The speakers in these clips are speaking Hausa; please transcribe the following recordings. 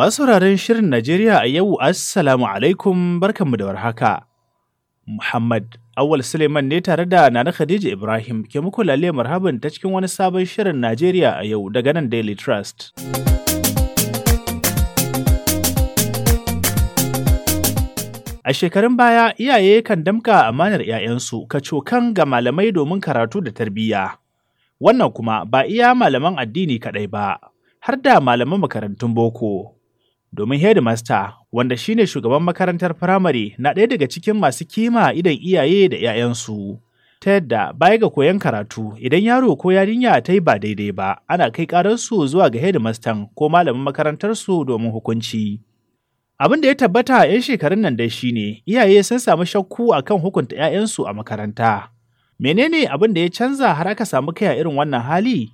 Masu sauraron Shirin Najeriya a yau, Assalamu alaikum barkanmu da warhaka. Muhammad Awal Suleiman ne tare da Nana Khadija Ibrahim ke muku lalle marhaban ta cikin wani sabon Shirin Najeriya a yau daga nan Daily Trust. A shekarun baya, iyaye kan damka amanar ‘ya'yansu cokan ga malamai domin karatu da tarbiyya. Wannan kuma ba iya malaman addini kaɗai ba, har da malaman makarantun boko. domin Headmaster, wanda shine shugaban makarantar firamare na ɗaya daga cikin masu kima idan iyaye da 'ya'yansu. Ta yadda baya ga koyon karatu idan yaro ko yarinya ta yi ba daidai ba ana kai ƙararsu zuwa ga Headmaster ko malamin makarantarsu domin hukunci. Abin da ya tabbata 'yan shekarun nan dai shine iyaye sun samu shakku akan hukunta 'ya'yansu a makaranta. Menene abin da ya canza har aka samu kai a irin wannan hali?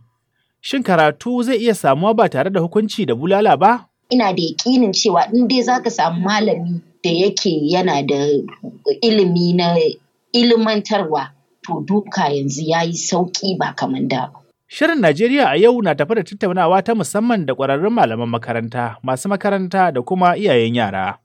Shin karatu zai iya samuwa ba tare da hukunci da bulala ba? ina da yakinin cewa in dai za ka samu malami da yake yana da ilimi na ilimantarwa to duka yanzu ya yi sauƙi ba kamar da ba. Shirin Najeriya a yau na tafi da tattaunawa ta musamman da ƙwararrun malaman makaranta, masu makaranta da kuma iyayen yara.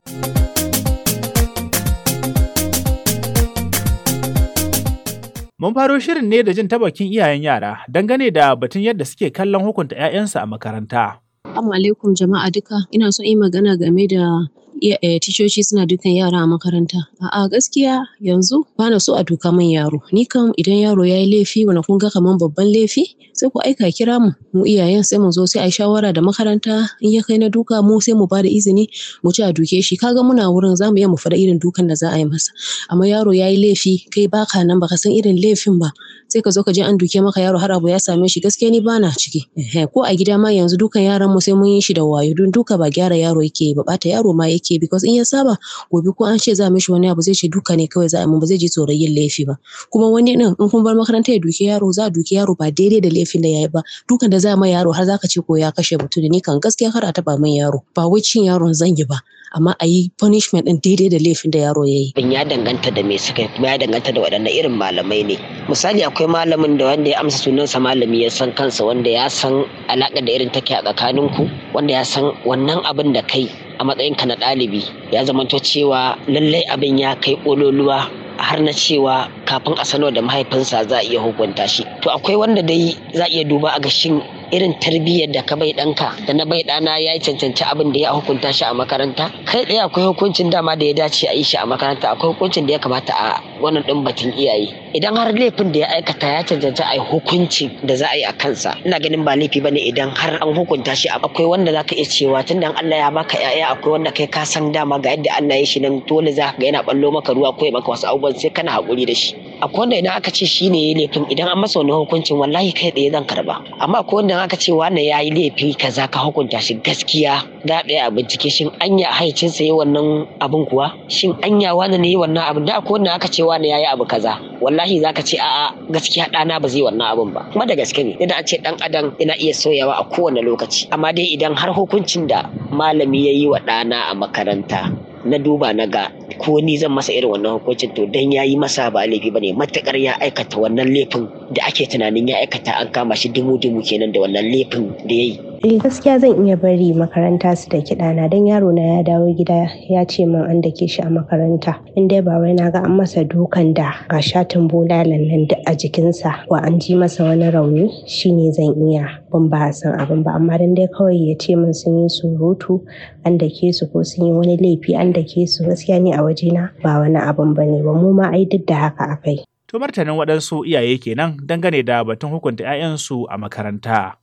Mun faro shirin ne da jin ta bakin iyayen yara dangane da batun yadda suke kallon hukunta 'ya'yansu a makaranta. Assalamu alaikum jama'a duka, ina so in yi magana game da Eh, tishoshi suna dukan yara a makaranta a'a gaskiya yanzu bana so a duka man yaro ni kam idan yaro ya yi laifi wani kun ga kaman babban laifi sai ku aika kira mu mu iyayen sai mu zo sai a shawara da makaranta in ya kai na duka mu sai mu bada izini mu ci a duke shi kaga muna wurin zamu iya mu faɗa irin dukan da za a yi masa amma yaro ya yi laifi kai baka nan baka san irin laifin ba sai ka zo ka je an duke maka yaro har abu ya same shi gaskiya ni bana ciki ko a gida ma yanzu dukan yaran mu sai mun yi shi da wayo don duka ba gyara yaro yake ba bata yaro ma yake yake because in ya saba gobe ko an ce za a mishi wani abu zai ce duka ne kawai za a ba zai ji tsoron yin laifi ba kuma wani din in kun bar makaranta ya duke yaro za a duke yaro ba daidai da laifin da yayi ba dukan da za a ma yaro har za ka ce ko ya kashe mutum ni kan gaskiya har a taba min yaro ba wai cin yaron zan yi ba amma a yi punishment din daidai da laifin da yaro ya yi. ya danganta da me suka kuma ya danganta da waɗanne irin malamai ne. Misali akwai malamin da wanda ya amsa sunansa malami ya san kansa wanda ya san alaƙar da irin take a tsakaninku wanda ya san wannan abin da kai a matsayin ka na ɗalibi ya zamanto cewa lallai abin ya kai ƙololuwa har na cewa kafin a sanar da mahaifinsa za a iya hukunta shi to akwai wanda dai za a iya duba a ga shin irin tarbiyyar da ka bai ɗanka da na bai ɗana ya cancanci abin da ya hukunta shi a makaranta kai ɗaya akwai hukuncin dama da ya dace a yi shi a makaranta akwai hukuncin da ya kamata a wannan ɗin batun iyaye idan har laifin da ya aikata ya cancanci a yi hukunci da za a yi a kansa ina ganin ba laifi bane idan har an hukunta shi akwai wanda zaka iya cewa tun da Allah ya baka yaya akwai wanda kai ka san dama ga yadda Allah ya shi nan dole za ka ga yana ballo maka ruwa ko ya maka wasu abubuwan sai kana haƙuri da shi akwai wanda idan aka ce shi ne ya laifin idan an masa wani hukuncin wallahi kai tsaye zan karba amma akwai wanda aka ce wannan ya yi laifi kaza ka hukunta shi gaskiya da ɗaya a bincike shin anya haicinsa ya wannan abin kuwa shin anya wani ne wannan abin da akwai wanda aka ce wani ya yi abu kaza wallahi za ka ce a'a gaskiya ɗana ba zai wannan abin ba kuma da gaske ne idan a ce ɗan adam yana iya soyawa a kowane lokaci amma dai idan har hukuncin da malami ya yi wa ɗana a makaranta na duba na ga ko ni zan masa irin wannan hukuncin to dan yayi masa ba laifi bane matakar ya aikata wannan laifin da ake tunanin ya aikata an kama shi dumu dumu kenan da wannan laifin da yayi eh gaskiya zan iya bari makaranta su da kiɗa na dan yaro na ya dawo gida ya ce min an dake shi a makaranta in dai ba wai na ga an masa dukan da ga shatin bola nan duk a jikinsa wa an ji masa wani rauni shine zan iya ban ba san abin ba amma dan dai kawai ya ce min sun yi surutu an dake su ko sun yi wani laifi an dake su gaskiya ni a wajena ba wani abin ba ne ba mu ma ai duk da haka akai. To martanin waɗansu iyaye kenan dangane da batun hukunta 'ya'yansu a makaranta.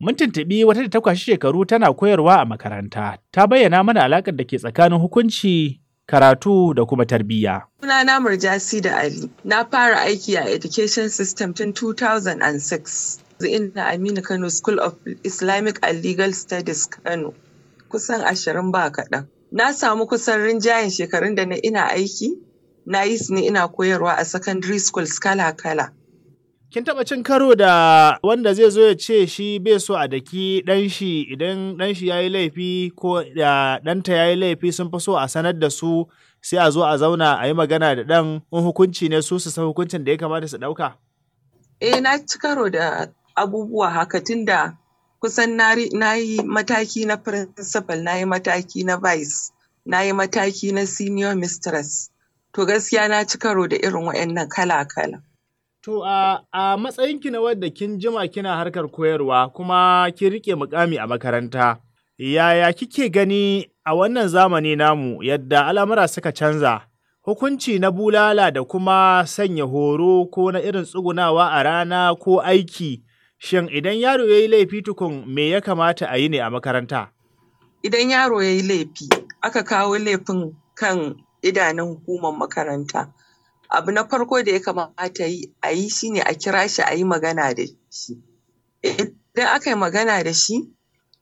Mun tuntuɓi wata da ta shekaru tana koyarwa a makaranta, ta bayyana mana alaƙar da ke tsakanin hukunci karatu da kuma tarbiyya. Sunana Murjasi da Ali, na fara aiki a Education System tun 2006. Ina Aminu Kano School of Islamic and Legal Studies Kano, kusan ashirin ba kaɗan. na samu kusan rinjayen shekarun da na ina aiki na yi su ne ina koyarwa a secondary schools kala-kala. Kin taɓa cin karo da wanda zai zo ya ce shi bai so a daki ɗan shi idan ɗan shi ya yi laifi ko da ɗanta ya yi laifi sun fi so a sanar da su sai a zo a zauna a yi magana da ɗan in hukunci ne su su san hukuncin da ya kamata su ɗauka? Eh na ci karo da abubuwa haka tun da. kusan na yi mataki na principal na yi mataki na vice na yi mataki na senior mistress to gaskiya na ci karo da irin waɗannan kala-kala. To a uh, uh, matsayinki na wadda kin jima kina harkar koyarwa kuma kin rike mukami a makaranta, yaya kike gani a wannan zamani namu yadda al'amura suka canza? Hukunci na bulala da kuma sanya horo ko na irin tsugunawa a rana ko aiki Shin idan yaro ya yi laifi tukun me ya kamata a yi ne a makaranta? Idan yaro ya yi laifi, aka kawo laifin kan idanun hukumar makaranta. Abu na farko da ya kamata a yi shi ne a kira shi a yi magana da shi. Idan aka yi magana da shi,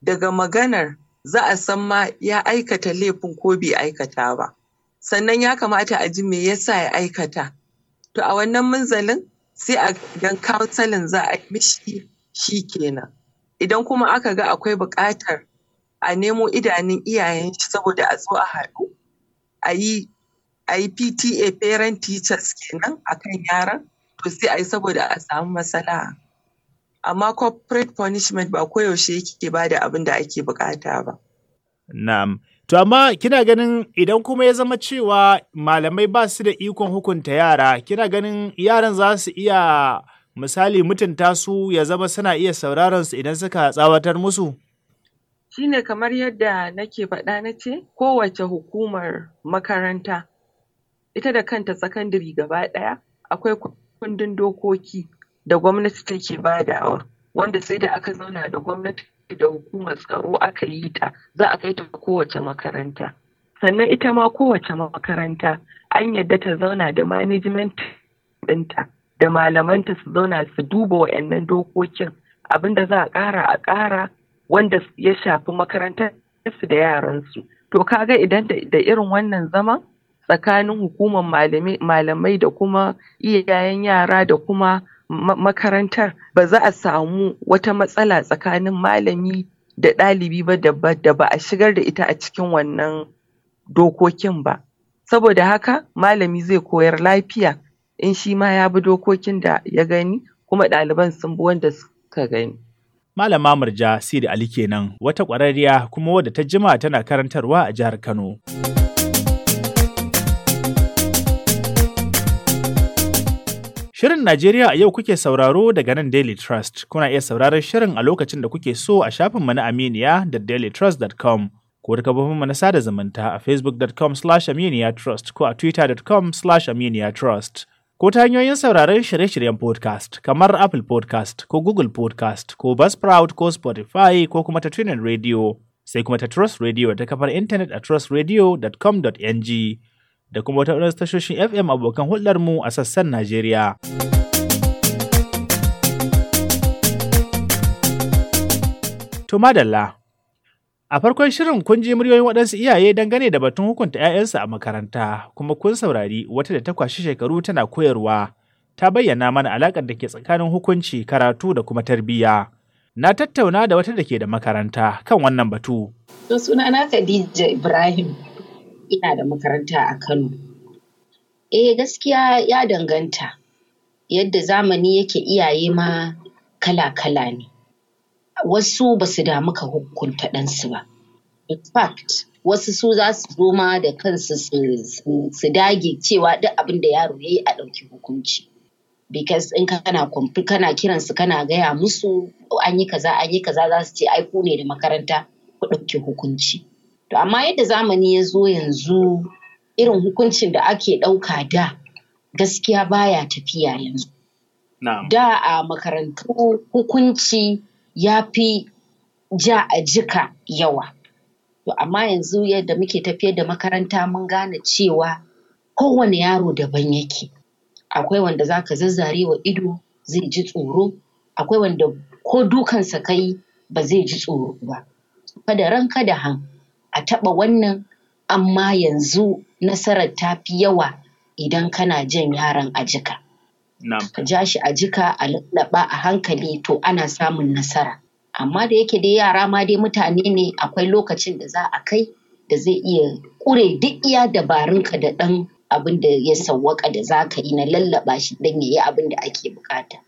daga maganar za a san ma ya aikata laifin ko bai aikata ba. Sannan ya kamata a ji me yasa ya aikata. To a wannan munzalin sai a idan kansalin za a yi mishi shi kenan idan kuma aka ga akwai buƙatar a nemo idanun iyayen shi saboda a zo a haɗu a yi a yi PTA parent teachers kenan a kan yaran to sai a yi saboda a samu masala amma corporate punishment ba koyaushe yake ba da abin da ake bukata ba. Na'am. To amma kina ganin idan kuma ya zama cewa malamai ba su da ikon hukunta yara, kina ganin yaran za su iya misali mutunta su ya zama suna iya sauraron su idan suka tsawatar musu? Shi ne kamar yadda nake faɗa na ce kowace hukumar makaranta ita da kanta sakandiri gaba ɗaya akwai kundin dokoki da gwamnati take badawa wanda sai da aka zauna da gwamnati da hukumar tsaro aka yi ta za a kai ta kowace makaranta sannan ita ma kowace makaranta an yadda ta zauna da management ɗinta da malamanta su zauna su duba wa'annan dokokin abinda za a ƙara a ƙara wanda ya shafi makaranta su da yaransu to kaga idan da irin wannan zaman tsakanin hukumar malamai da kuma iyayen yara da kuma makarantar ba za a samu wata matsala tsakanin malami da ɗalibi ba da ba a shigar da ita a cikin wannan dokokin ba saboda haka malami zai koyar lafiya in shi ma ya bi dokokin da ya gani kuma ɗaliban sun bi wanda suka gani. Malama Murja Sidi Ali kenan wata ƙwararriya kuma wadda ta jima tana karantarwa a jihar Kano. Shirin Najeriya a yau kuke sauraro daga nan Daily Trust. Kuna iya sauraron shirin a lokacin da kuke so a shafin muna Aminiya da dailytrust.com ko da kafofin mana sada zumunta a facebook.com slash aminiyatrust ko a twitter.com slash aminiyatrust. Ko ta hanyoyin sauraron shirye-shiryen podcast kamar Apple podcast ko Google podcast ko Buzzsprout ko Spotify ko kuma ta tunin radio sai kuma ta Trust Radio da kafar intanet a trustradio.com.ng. da kuma wata tashoshin FM abokan hulɗarmu a sassan Najeriya. To madalla, a farkon shirin kun ji muryoyin waɗansu iyaye dangane da batun hukunta 'ya'yansu a makaranta, kuma kun saurari wata da ta kwashi shekaru tana koyarwa, ta bayyana mana alaƙar da ke tsakanin hukunci, karatu da kuma tarbiyya. na tattauna da wata da ke da makaranta kan wannan batu. To suna na Khadija Ibrahim ina da makaranta a Kano. Eh gaskiya ya danganta yadda zamani yake iyaye ma kala-kala ne. Wasu ba su damu ka hukunta ɗansu ba. In fact wasu su za su zo ma da kansu su dage cewa duk abin da yaro ya yi a ɗauki hukunci. Because in kana kana kiransu kana gaya musu an yi kaza an yi kaza za su ce ai ku ne da makaranta ku ɗauki hukunci. To amma yadda zamani ya zo yanzu irin hukuncin da ake ɗauka da gaskiya baya tafiya yanzu. Da a makarantu hukunci ya fi ja a jika yawa. To amma yanzu yadda muke tafiyar da makaranta mun gane cewa kowane yaro daban yake. Akwai wanda za ka zazzare wa ido zai ji tsoro, akwai wanda ko dukansa kai ba zai ji tsoro ba. Kada ran kada hankali. a taɓa wannan amma yanzu nasarar ta fi yawa idan kana jan yaron a jika. Ka ja shi a jika a lallaɓa a hankali to ana samun nasara. Amma da yake dai yara ma dai mutane ne akwai lokacin da za a kai da zai iya ƙure duk iya dabarun ka da ɗan abin da ya sawwaka da za ka yi na lallaɓa shi dan ya yi abin da ake buƙata.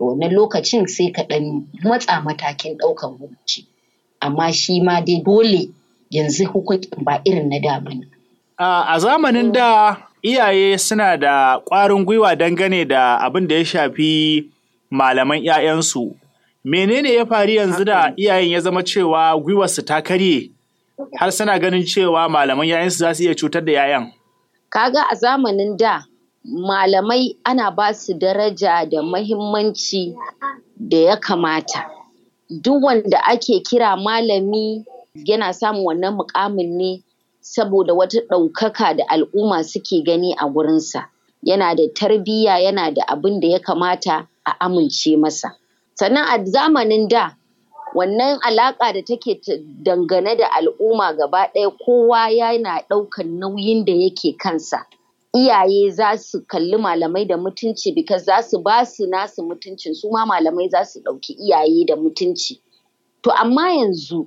Wannan lokacin sai ka ɗan matsa matakin ɗaukan hukunci. Amma shi ma dai dole yanzu hukuncin ba irin na da bane. A zamanin da iyaye suna da ƙwarin gwiwa dangane da abin da ya shafi malaman 'ya'yansu. Menene ya faru yanzu da iyayen ya zama cewa gwiwarsu ta karye har suna ganin cewa malaman 'ya'yansu za su iya cutar da 'ya'yan? Kaga a zamanin da malamai ana ba su daraja da mahimmanci da ya kamata. Duk wanda ake kira malami yana samun wannan mukamin ne saboda wata ɗaukaka da al'umma suke gani a gurinsa yana da tarbiyya yana da abin da ya kamata a amince masa sannan a zamanin da wannan alaƙa da take dangane da al'umma gaba ɗaya kowa yana ɗaukan nauyin da yake kansa iyaye za su kalli malamai da mutunci bikas za su ba su nasu mutuncin suma malamai za su ɗauki iyaye da mutunci to amma yanzu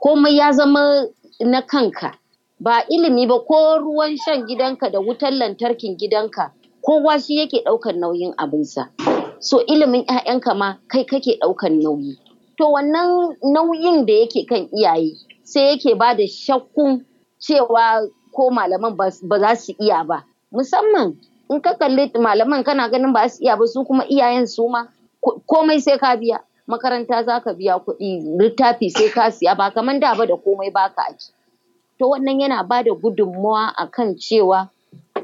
komai ya zama na kanka ba ilimi ba ko ruwan shan gidanka da wutar lantarkin gidanka kowa shi yake ɗaukar nauyin abinsa so ilimin 'ya'yanka ma kai kake ɗaukar nauyi to wannan nauyin da yake kan iyaye sai yake ba da shakkun cewa ko malaman ba za su iya ba musamman in ka kalli malaman kana ganin ba su iya ba su kuma iyayen su ma komai sai ka biya makaranta za ka biya kuɗi littafi sai ka siya ba kaman da ba da komai ba ka aji to wannan yana ba da gudunmawa a kan cewa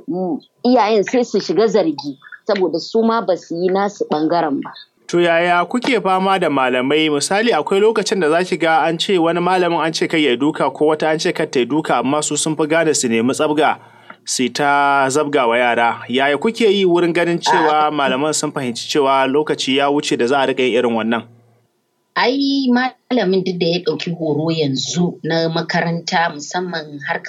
mm, iyayen sai su shiga zargi saboda su ma ba su yi nasu ɓangaren ba. To yaya kuke fama da malamai misali akwai lokacin da za ki ga an ce wani malamin an ce kai ya duka ko wata an ce kar ta yi duka amma su sun fi gane su nemi tsabga. su ta zabga wa yara yaya kuke yi wurin ganin cewa malaman sun fahimci cewa lokaci ya wuce da za a riƙa irin wannan ai malamin duk da ya ɗauki horo yanzu na makaranta musamman har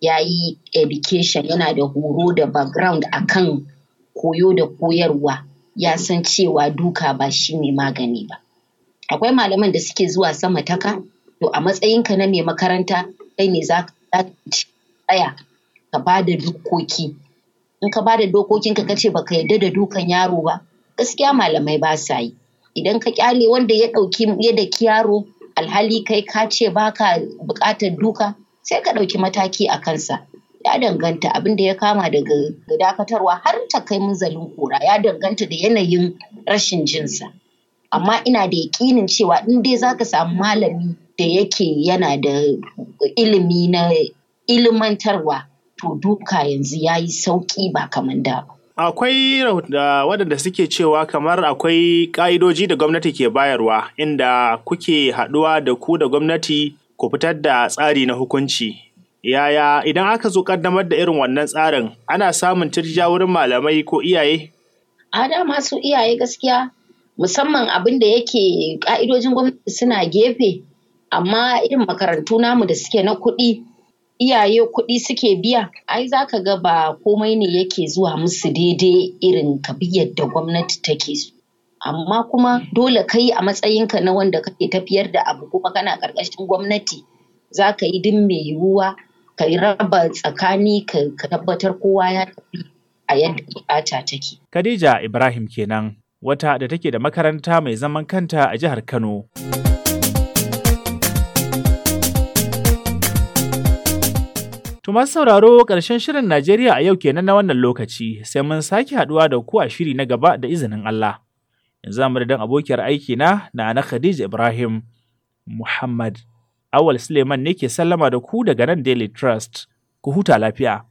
ya yi education yana da horo da background kan koyo da koyarwa ya san cewa duka ba shi ne magani ba akwai malaman da suke zuwa sama taka to a matsayinka na mai makaranta kai ne za ka tsaya ka ba da dokoki in ka ba da dokokinka ka kace baka yarda da dukan yaro ba gaskiya malamai ba sa yi idan ka kyale wanda ya ɗauki ya daki yaro alhali kai ka ce baka bukatar duka sai ka ɗauki mataki a kansa ya danganta abin da ya kama daga dakatarwa har ta kai munzalin kora ya danganta da yanayin rashin jinsa amma ina da yakinin cewa in dai zaka samu malami da yake yana da ilimi na ilimantarwa to duka yanzu ya yi sauƙi ba kamar da ba. akwai waɗanda suke cewa kamar akwai ƙa'idoji da gwamnati ke bayarwa inda kuke haɗuwa da ku da gwamnati ku fitar da tsari na hukunci yaya idan aka zo ƙaddamar da irin wannan tsarin ana samun tirja wurin malamai ko iyaye a da masu iyaye gaskiya musamman abin da yake ƙa'idojin gwamnati suna gefe amma irin makarantu namu da suke na kuɗi iyaye kuɗi suke biya ai za ka ga ba komai ne yake zuwa musu daidai irin ka bi yadda gwamnati take su Amma kuma dole kai a matsayinka na wanda kake tafiyar da abu kuma kana ƙarƙashin gwamnati za ka yi duk mai yiwuwa ka raba tsakani ka tabbatar kowa ya tafi a yadda buƙata take. Khadija Ibrahim kenan wata da take da makaranta mai zaman kanta a jihar Kano. To masu sauraro ƙarshen shirin Najeriya a yau kenan na wannan lokaci sai mun sake haɗuwa da ku a shiri na gaba da izinin Allah. Yanzu mu da abokiyar aiki na na na Khadija Ibrahim Muhammad. Awal Suleiman ne ke sallama da ku daga nan Daily Trust. Ku huta lafiya.